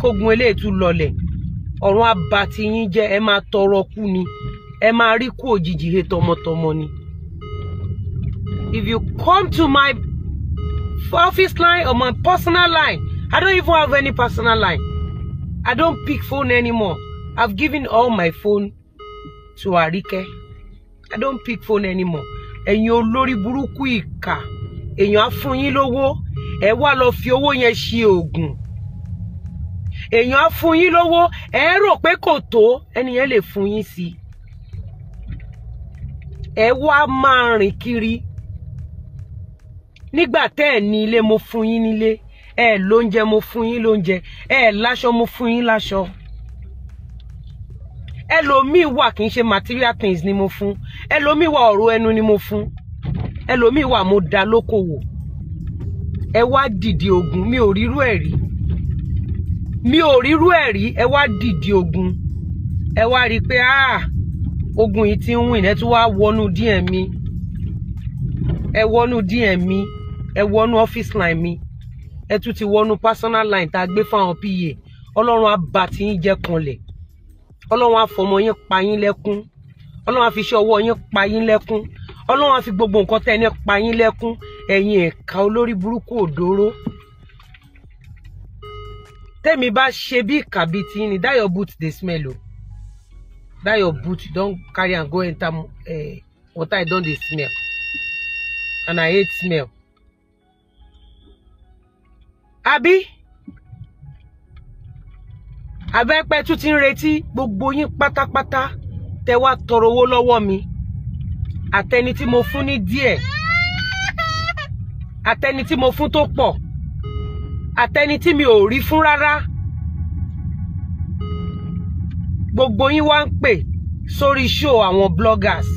kógun eléyìí tún lọlẹ̀ ọ̀run àbá jẹ́ ẹ máa tọrọ kú ni ẹ máa rí kú òjijì he tọmọtọmọ ni. If you come to my office line or my personal line, I don't even have any personal line. I don't pick phone anymore. I've given all my phone to Arike. I don't pick phone anymore. Ẹ̀yin olórí burúkú ìkà, èèyàn á fún yín lówó, ẹ wá lọ fi owó yẹn ṣe oògùn èèyàn á fún yín lówó ẹ rò pé kò tó ẹnìyẹn lè fún yín sí ẹ wá máa rìn kiri nígbà tẹ́ ẹ̀ ní ilé mo fún yín nílé ẹ lóúnjẹ mo fún yín lóúnjẹ ẹ láṣọ mo fún yín láṣọ ẹlòmíì wà kì í ṣe material things ni mo fún ẹlòmíì wà ọ̀rọ̀ ẹnu ni mo fún ẹlòmíì wà mo dá lókòwò ẹ wá dìde ogun mi ò rírú ẹ̀ rí mi ò rírú ẹ̀ rí ẹ wá dìde ogun ẹ wá rí i pé ah, ogun yìí ti ń wìn ẹ tún wá wọnú díẹ̀ mi ẹ wọnú díẹ̀ mi ẹ wọnú ọ́fíìsì line mi ẹ tún ti wọnú personal line tá a gbé fáwọn pa ọlọ́run á bà tí yín jẹ́ kanlẹ̀ ọlọ́run á fọmọ yín pa yín lẹ́kún ọlọ́run á fi iṣẹ́ ọwọ́ yín pa yín lẹ́kún ọlọ́run á gbogbo nǹkan tẹ́ ẹ ní pa yín lẹ́kún ẹ̀yin ẹ̀ka olórí burúkú òdòró tẹ́mi bá ṣe bí kàbí tí ni that your boot dey smell o that your boot don carry am go enter uh, water e don dey smell and I hate smell. àbí abẹ́pẹ́ tún ti ń retí gbogbo yín pátápátá tẹ wá tọrọ owó lọ́wọ́ mi àtẹni tí mo fún ní díẹ̀ àtẹni tí mo fún tó pọ̀ àtẹni tí mi ò rí fún rárá gbogbo yín wá ń pè sórí ṣó àwọn bloggers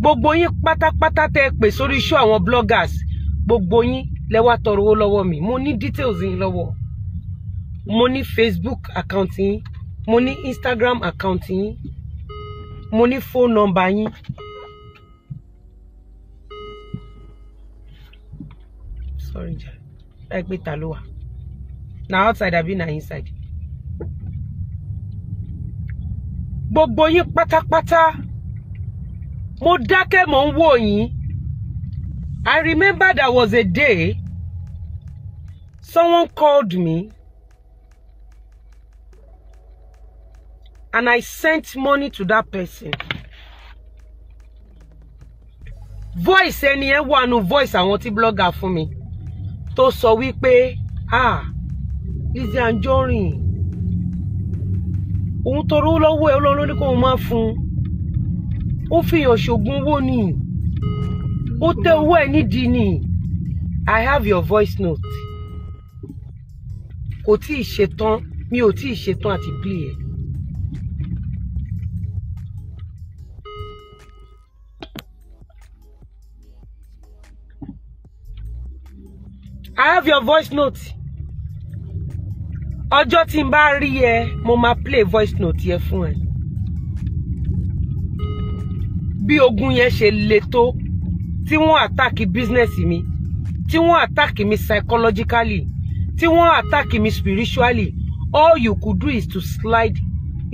gbogbo yín pátápátá tẹ pè sórí ṣó àwọn bloggers gbogbo yín lẹ wá tọrọ owó mi mo ní details yín lọ́wọ́ mo ní Facebook account yín mo ní Instagram account yín mo ní phone number yín. Sorry, ẹ pé ta ló wà na outside àbí na inside gbogbo yín pátápátá mo dákẹ́ mò ń wò yín I remember there was a day someone called me and I sent money to that person voice ẹni ẹ wà nù voice àwọn tí blogger fún mi tó sọ wípé ah Lizzie Anjorin òun tó rówó lọ́wọ́ ẹ Ọlọ́run ní kó o máa fún un ó fìyàn ṣògùn owó ni ó tẹ owó ẹ nídìí ni I have your voice note kò tí ì ṣetán mi ò tí ì ṣetán àti bí ẹ I have your voice note. Ọjọ́ tí n bá rí ẹ, mo máa play voice note yẹn fún ẹ. Bí ogun yẹn ṣe le tó, tí wọ́n attack business mi, Ti wọ́n attack mi psychologically, Ti wọ́n attack mi spiritually, all you could do is to slide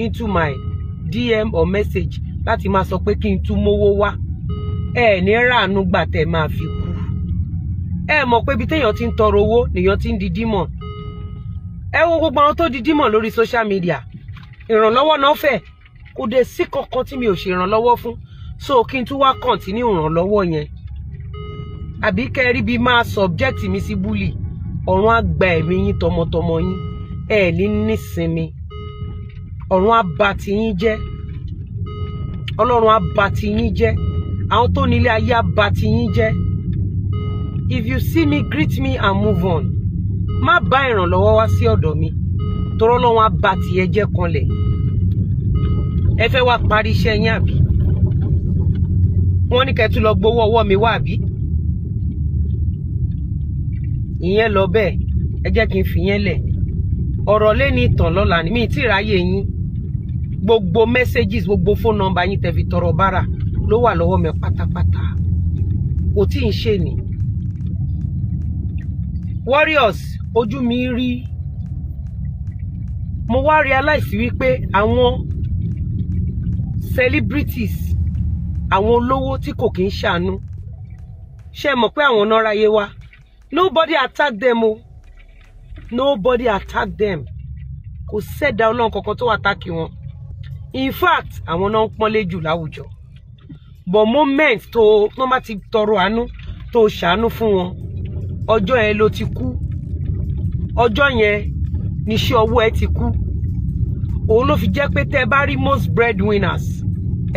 into my DM or message láti máa sọ pé kí n tún mówó wá. Ẹ ní ràánú gbà tẹ́ fi ẹ mọ̀ pé ibi téèyàn ti ń tọrọ owó nìyàn ti ń di dímọ̀ ẹ wo gbogbo àwọn tó di dímọ̀ lórí social media ìrànlọ́wọ́ náà fẹ́ kò dé sí kankan tí mi ò ṣe ìrànlọ́wọ́ fún so kí n tún wá kọ̀ǹtínú ìrànlọ́wọ́ yẹn àbí kẹrí bíi máa subject mi sí búlì ọ̀run á gba ẹ̀mí yín tọmọtọmọ yín ẹ ní nísinmi ọ̀run á bà tiyín jẹ́ ọlọ́run á bà tiyín jẹ́ àwọn tó nílé ayé á bà tiyín jẹ́ if you see me greet me and move on má bá ìrànlọ́wọ́ wá sí ọ̀dọ̀ mi tọ́rọ́ náà wọ́n á ba tiẹ̀ jẹ́ kanlẹ̀ ẹ fẹ́ wá parí iṣẹ́ yín àbí wọ́n ní kẹ́tù lọ gbowó ọwọ́ mi wá àbí ìyẹn lọ bẹ́ẹ̀ ẹ jẹ́ kí n fìyẹn lẹ̀ ọ̀rọ̀ lẹ́ni ìtàn lọ́la ni mi ti ráyè yín gbogbo messages gbogbo phone number yín tẹ́ fi tọrọ bára ló wà lọ́wọ́ mi pátápátá kò tí ì ṣe nìyí warriors ojú mi rí mo wá realize wípé àwọn celebrities àwọn olówó tí kò kí ń ṣàánú ṣe mọ̀ pé àwọn náà ráyé wá nobody attack them o nobody attack them kò sẹ́dá ọlọ́run kankan tó attack wọn in fact àwọn náà ń pọ́nlé jù láwùjọ but moment tó wọ́n bá ti tọrọ àánú tó ṣàánú fún wọn ọjọ́ yẹn ló ti kú ọjọ́ yẹn níṣẹ́ ọwọ́ ẹ ti kú òun ló fi jẹ́ pé tẹ́ ẹ bá rí most breadwinners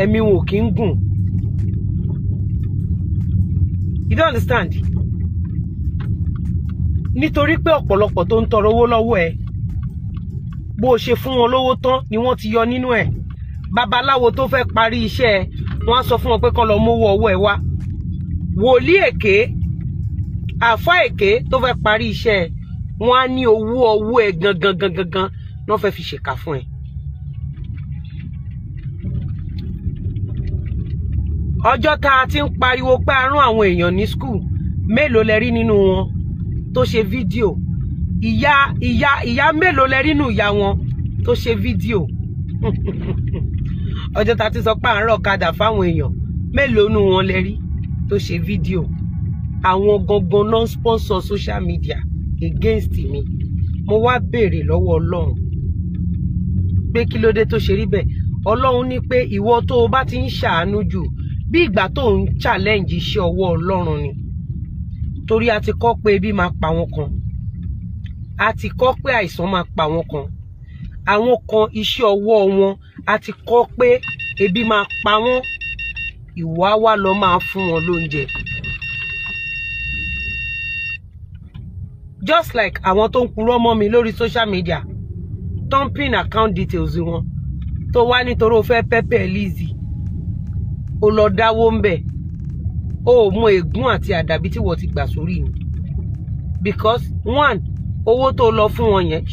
ẹ̀mí wọn ò kí ń gùn you don't understand nítorí pé ọ̀pọ̀lọpọ̀ tó ń tọrọ owó lọ́wọ́ ẹ bó o ṣe fún wọn lówó tán ni wọ́n ti yọ nínú ẹ̀ babaláwo tó fẹ́ parí iṣẹ́ ẹ wọ́n á sọ fún wọn pé kó lọ mówó ọwọ́ ẹ wá wòlíì àfa èké tó fẹ́ parí iṣẹ́ ẹ̀ wọ́n á ní owó ọwọ́ ẹ̀ gangan gangan gan náà fẹ́ fi ṣèkà fún ẹ. ọjọ́ tá a ti ń pariwo pé a rán àwọn èèyàn ní skul mélòó lẹ rí nínú wọn tó ṣe fídíò ìyá ìyá ìyá mélòó lẹ rí nínú ìyá wọn tó ṣe fídíò ọjọ́ tá a ti sọ pé à ń rọ̀ kadà fáwọn èèyàn mélòó nínú wọn lẹ rí tó ṣe fídíò àwọn gangan náà sponsor social media against mi mo wá béèrè lọ́wọ́ ọlọ́run pé kí ló dé tó ṣe rí bẹ́ẹ̀ ọlọ́run ní pé ìwọ tó o bá ti ń ṣàánú jù bí ìgbà tó ń challenge iṣẹ́ ọwọ́ ọlọ́run ni torí a ti kọ́ pé ebi máa pa wọn kan a ti kọ́ pé àìsàn máa pa wọn kan àwọn kan iṣẹ́ ọwọ́ wọn a ti kọ́ pé ebi máa pa wọ́n ìwọ á wá lọ máa fún wọn lóúnjẹ just like àwọn tó ń purọ́ mọ́ mi lórí social media dumping account details wọn tó wá nítorí o fẹ́ pẹ́pẹ́ Lizzy o lọ dáwó ń bẹ̀ o ò mọ ègún àti àdàbí tí wọ́n ti gbà sórí mi because one owó tó lọ fún wọn yẹn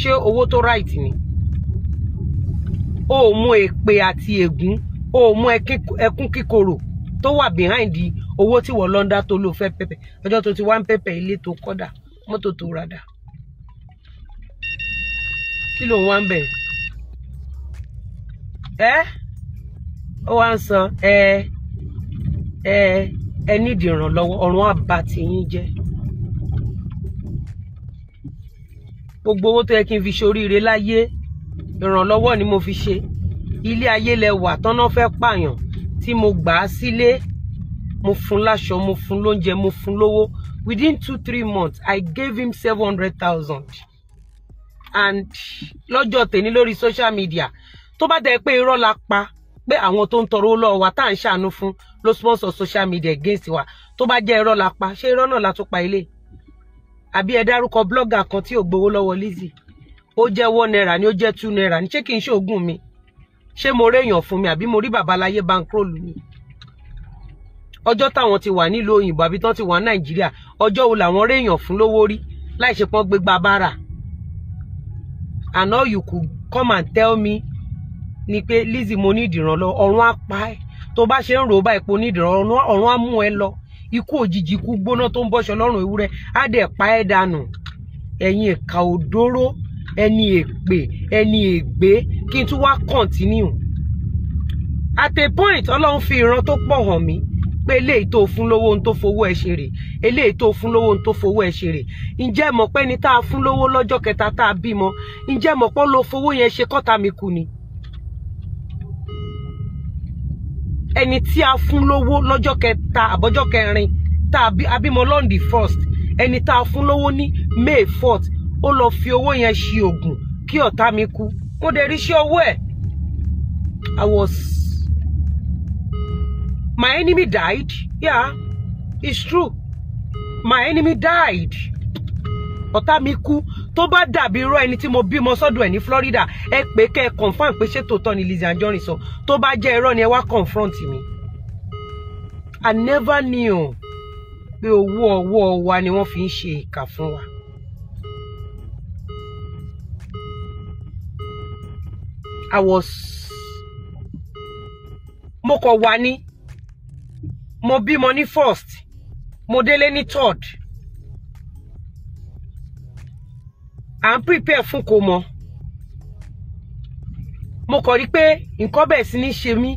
ṣé owó tó right ni o ò mọ èpè àti ègún o ò mọ ẹkún kíkorò tó wà behind owó tí wọ́n lọ ń dá tó lò fẹ́ pẹ́pẹ́ ọjọ́ tó ti wá ń pẹ́pẹ́ ilé tó kọ́dà mọ́tò tó rà dà kí ló ń wá ń bẹ̀ ẹ́ ó wá ń san ẹ ẹ ẹ nídìí ìrànlọ́wọ́ ọ̀run àbá tiyín jẹ́ gbogbo owó tó yẹ kí n fi ṣoríire láyé ìrànlọ́wọ́ ni mo fi ṣe ilé ayé lẹ wà tọ́nà fẹ́ pààyàn tí mo gbà á sílé mo fún láṣọ mo fún lóúnjẹ mo fún lówó within two three months i gave him seven hundred thousand and lọ́jọ́ tèmi lórí social media tó bá dẹ̀ pé irọ́ la pa pé àwọn tó ń tọrọ owó lọ́wọ́ wa tá à ń ṣàánú fún ló sponsor social media against wa tó bá jẹ́ irọ́ la pa ṣé irọ́ náà la tún pa ilé àbí ẹ dárúkọ blọ́gà kan tí ò gbowó lọ́wọ́ Lizzy ó jẹ́ one naira ni ó jẹ́ two naira ni ṣé kí n ṣe oògùn mi ṣé mo réèyàn fún mi àbí mo rí babaláyé bankroll mi ọjọ́ táwọn ti wà nílùú òyìnbó àbí tán ti wà nàìjíríà ọjọ́ wo làwọn réèyàn fún lówó rí láì ṣe pọ́n gbégbá bára and all you could come and tell me ni pé Lizzy mo ní ìdìrànlọ́wọ́ ọ̀run á pa ẹ́ tó bá ṣe ń rò ó bá ipò ní ìdìrànlọ́wọ́ ọ̀run á mú ẹ lọ ikú òjijì ikú gbóná tó ń bọ́ṣọ lọ́rùn ewúrẹ́ á dẹ̀ pa ẹ́ dànù ẹ̀yin ìka òdóró ẹni èpè ẹni ègbé kí n tún wá continue at a point ọlọ́run fi ìran tó pọ̀ hàn mí pé eléyìí tó fún lówó ohun tó fowó ẹ ṣe rè eléyìí tó fún lówó ohun tó fowó ẹ ṣe rè ǹjẹ́ mọ̀ pé ni tá a fún lówó lọ́jọ́ kẹta tá a bímọ ǹjẹ́ mọ̀ pé ló fowó yẹn ṣe kọ́ta mi kù ni. ẹni tí a fún lówó lọ́jọ́ kẹta àbọ́jọ́ kẹrin tá a bímọ lọ́ndì first ẹni tá a fún lówó ní May fourth ó lọ fi owó yẹn ṣe oògùn kí ọ̀tá mi kú mo dẹ̀ rí iṣẹ́ owó ẹ̀ I was My enemy died. Yeah, it's true. My enemy died. Ọ̀tá mi kú tó bá dàbí irọ́ ẹni tí mo bímọ sọ́dọ̀ ẹ̀ ní Florida ẹ pé kẹ́ ẹ confam pé ṣé tòótọ́ ni Lizzy Anjorin sọ tó bá jẹ́ irọ́ ni ẹ wá confront mi. I never knew pé owó ọwọ́ wa ni wọ́n fi ń ṣe ìkà fún wa. I was mo kọ̀ wá ní mo bímọ ní first mo délé ní third à ń prepare fún kò mọ mo kọ̀ rí pé nǹkan bẹ̀rẹ̀ sí ní ṣe mí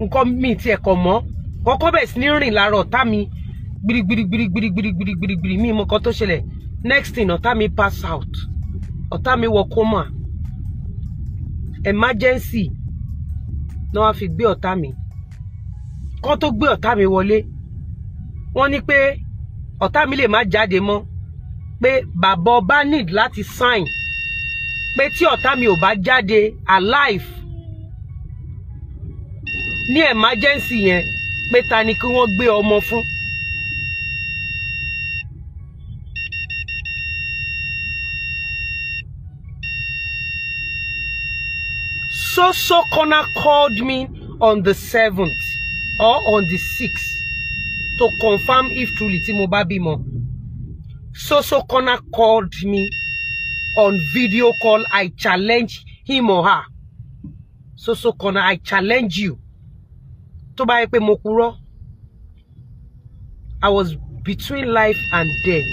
nǹkan mi ti ẹ̀kọ́ mọ́ kọ́kọ́ bẹ̀rẹ̀ sí ní rìn lára ọ̀tá mi gbirigbirigbirigbirigbirigbirigbiri mi mọ̀ kan tó ṣẹlẹ̀ next thing ọ̀tá mi pass out ọ̀tá mi wọ coma emergency náà wá fi gbé ọ̀tá mi kán tó gbé ọ̀tá mi wọlé wọ́n ní pé ọ̀tá mi lè má jáde mọ́ pé bàbá ọba need láti sign pé tí ọ̀tá mi ò bá jáde alive ní emergency yẹn pé ta ni kí wọ́n gbé ọmọ fún. So so Connor called me on the seventh or on the sixth to confirm if truly tí mo bá bímọ Soso Corner called me on video call I challenge him or her Soso Corner I challenge you To buy pe pé mo kúrò I was between life and death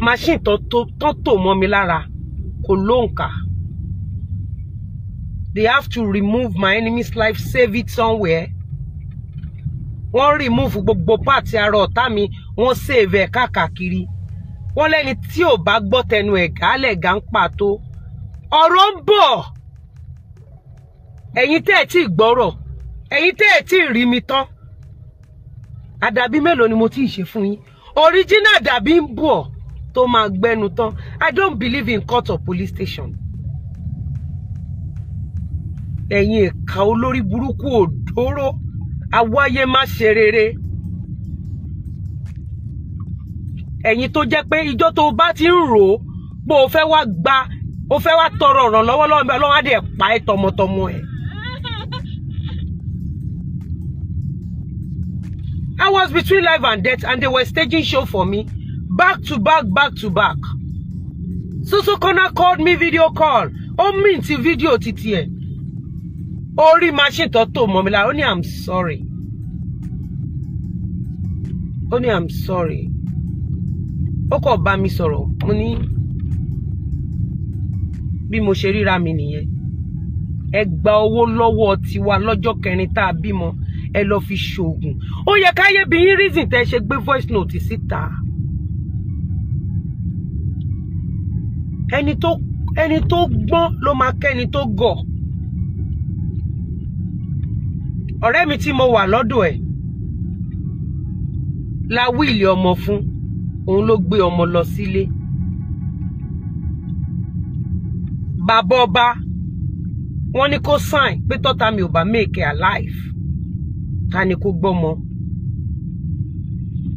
machine tó tó mọ́ mi lára kò lóǹkà they have to remove my enemy's life save it somewhere One remove gbogbo páàtì ara ọ̀tá mi wọ́n save e kakakiri. wọ́n lẹ́ni tí ò bá gbọ́ tẹnu ẹ̀gá lẹ̀gá ń pàtó ọ̀rọ̀ ń bọ̀ ẹ̀yin tẹ́ ẹ̀ tí ì gbọ́rọ̀ ẹ̀yin tẹ́ ẹ̀ tí mi tán àdàbí mélòó ni mo ti ṣe fún yín original àdàbí ń bọ̀ tó máa gbẹnu I don't believe in court or police station ẹ̀yin ìka olórí burúkú òdòrò awáyé má ṣe rere ẹ̀yin tó jẹ́ pé ìjọ́ tó bá ti ń rò ó bó o fẹ́ wá gba o fẹ́ wá tọrọ ọ̀ràn lọ́wọ́ lọ́wọ́ lọ́wọ́ á pa ẹ́ tọmọtọmọ ẹ̀. I was between life and death and they were staging show for me back to back back to back. Susu Kona called me video call. Ó mìntì fídíò títí ẹ̀ ó machine tó tò mọ́ mi lára ó ní i'm sorry ó ní i'm sorry ó kọ̀ bá mi sọ̀rọ̀ mo ní bí mo ṣe ríra mi nìyẹn ẹ gba owó lọ́wọ́ tiwa lọ́jọ́ kẹrin tá a bímọ ẹ lọ fi ṣoògùn ó yẹ káyé bí yín reason tẹ ṣe gbé voice note síta ẹni tó ẹni tó gbọ́n ló máa kẹ́ni tó gọ̀. ọ̀rẹ́ mi tí mo wà lọ́dọ̀ ẹ̀ la wíìlì ọmọ fún òun ló gbé ọmọ lọ sílé bàbá ọba wọ́n ní kó sign pé tọ́ta mi ò bá make her life ta ni kó gbọ́mọ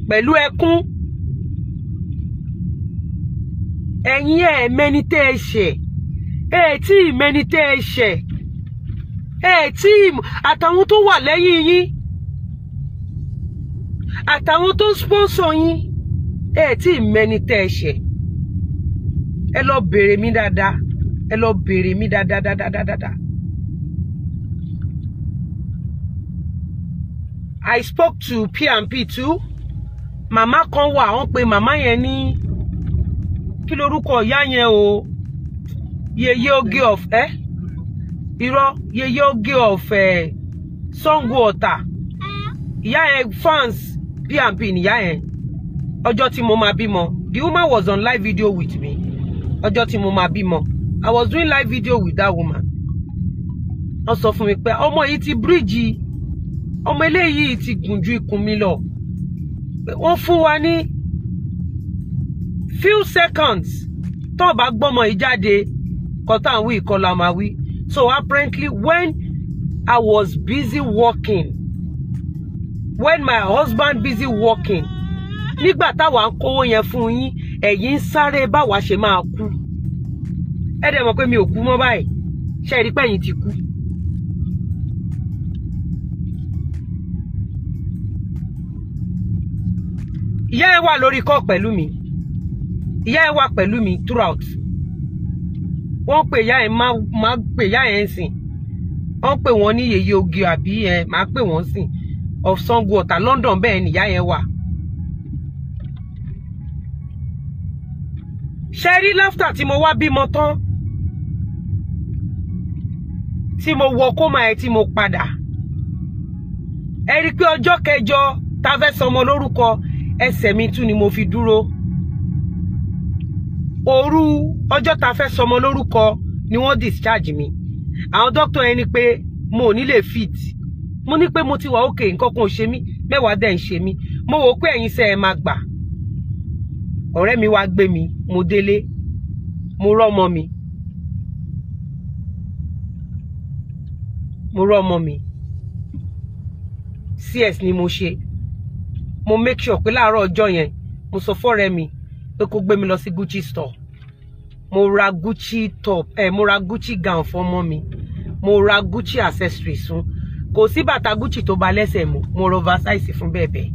pẹ̀lú ẹkún ẹ̀yin ẹ̀ mẹ́ni tẹ́ ẹ ṣẹ̀ ẹ̀ tí ì mẹ́ni tẹ́ ẹ ṣẹ̀ ẹ tíìmù àtàwọn tó wà lẹ́yìn yín àtàwọn tó ń sponsor yín ẹ tí ì mẹni tẹ́ ẹ ṣe ẹ lọ béèrè mi dáadáa ẹ lọ béèrè mi dáadáa dáadáa I spoke to P&P too màmá kan wà wọ́n pe màmá yẹn ní kí lorúkọ ìyá yẹn o yeye oge of Eh? irọ́ yeye oge of eh, Sango Ọ̀tà ìyá yẹn fans pnp nìyá yẹn ọjọ́ tí mo máa bímọ the woman was on live video with me ọjọ́ tí mo máa bímọ I was doing live video with that woman wọ́n sọ fún mi pé ọmọ yìí ti bíríìjì ọmọ eléyìí ti gùn ju ikùn mi lọ wọ́n fún wa ní few seconds tó bá gbọ́mọ yìí jáde kọ́tà ń wí ìkọlà So apparently, when I was busy working, when my husband busy working, nígbà táwa ń kówó yẹn fún yín ẹ̀yin ń sáré báwa ṣe máa kú ẹ dẹ̀ mọ̀ pé mi ò kú mọ́ báyìí ṣe rí pẹ́yìn ti kú. ìyá ẹ wà lórí kọ́ pẹ̀lú mi ìyá ẹ wà pẹ̀lú mi throughout wọ́n pè ìyá ẹ̀ má má pè ìyá ẹ̀ ń sìn wọ́n pè wọ́n ní yèyé ogi àbí ẹ̀ má pè wọ́n sìn of Sango Ọ̀tà London bẹ́ẹ̀ nìyá yẹn wà. ṣe rí láftà tí mo wá bímọ tán tí mo wọ kóma ẹ tí mo padà ẹ rí i pé ọjọ́ kẹjọ tá a fẹ́ sọmọ lórúkọ ẹsẹ̀ mi tún ni mo fi dúró òru ọjọ́ ta fẹ́ sọmọ lórúkọ ni wọ́n discharge mi àwọn dókítà yẹn ni pé mo ò ní lè fit mo ní pé mo ti wà òkè nǹkan kan ò ṣe mí mẹ́wàá dẹ̀ ń ṣe mí mo wò ó pé ẹ̀yin sẹ́ ẹ máa gbà ọ̀rẹ́ mi wá gbé mi mo délé mo rọ́mọ mi mo rọ́mọ mi cs ni mo ṣe mo make sure pé láàárọ̀ ọjọ́ yẹn mo sọ fọ́rẹ́ mi pé kó gbé mi lọ sí Gucci store mo ra Gucci top ẹ eh, mo ra Gucci gown fọmọ mi mo ra Gucci accessories fún kò sí bàtà Gucci tó ba lẹ́sẹ̀ mu mo ra oversize fún bẹ́ẹ̀ bẹ́ẹ̀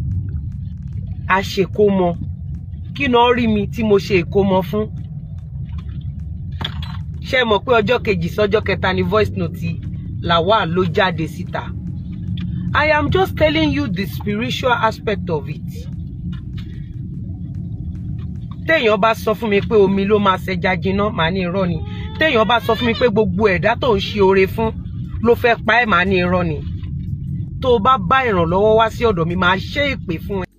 a ṣe kó mọ kí náà rí mi tí mo ṣe èkó mọ fún ṣe mọ̀ pé ọjọ́ kejì sọ́jọ́ kẹta ni voice note Lawal ló jáde síta I am just telling you the spiritual aspect of it téèyàn bá sọ fún mi pé omi ló máa ṣẹja jiná màá ní irọ́ ni téèyàn bá sọ fún mi pé gbogbo ẹ̀dá tó ń ṣe oore fún ló fẹ́ pa ẹ̀ màá ní irọ́ ni tó o bá bá ìrànlọ́wọ́ wá sí ọ̀dọ̀ mi màá ṣe ìpè fún ẹ.